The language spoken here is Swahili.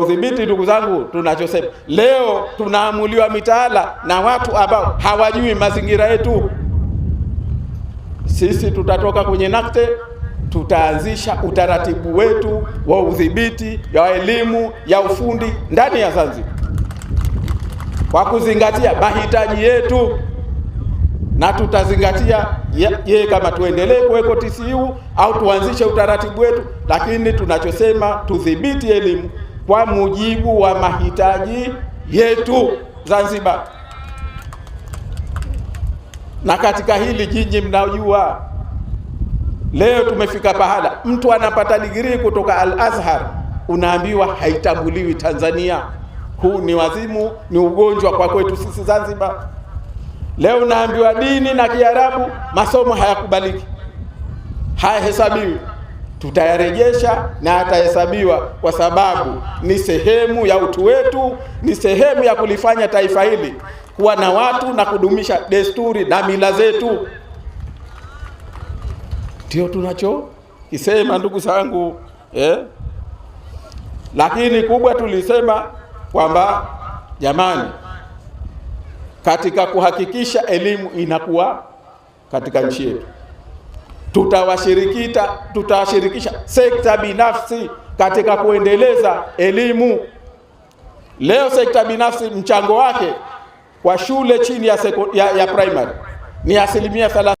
Udhibiti ndugu zangu, tunachosema leo, tunaamuliwa mitaala na watu ambao hawajui mazingira yetu. Sisi tutatoka kwenye nakte, tutaanzisha utaratibu wetu wa udhibiti ya elimu ya ufundi ndani ya Zanzibar kwa kuzingatia mahitaji yetu, na tutazingatia yeye kama tuendelee kuweko TCU au tuanzishe utaratibu wetu, lakini tunachosema tudhibiti elimu kwa mujibu wa mahitaji yetu Zanzibar. Na katika hili jiji mnajua, leo tumefika pahala mtu anapata digrii kutoka Al Azhar, unaambiwa haitambuliwi Tanzania. Huu ni wazimu, ni ugonjwa kwa kwetu sisi Zanzibar. Leo unaambiwa dini na Kiarabu masomo hayakubaliki, hayahesabiwi tutayarejesha na atahesabiwa, kwa sababu ni sehemu ya utu wetu, ni sehemu ya kulifanya taifa hili kuwa na watu na kudumisha desturi na mila zetu. Ndio tunachokisema ndugu zangu eh? Lakini kubwa tulisema kwamba jamani, katika kuhakikisha elimu inakuwa katika nchi yetu tutawashirikita tutawashirikisha sekta binafsi katika kuendeleza elimu. Leo sekta binafsi mchango wake kwa shule chini ya, ya, ya primary ni asilimia 30.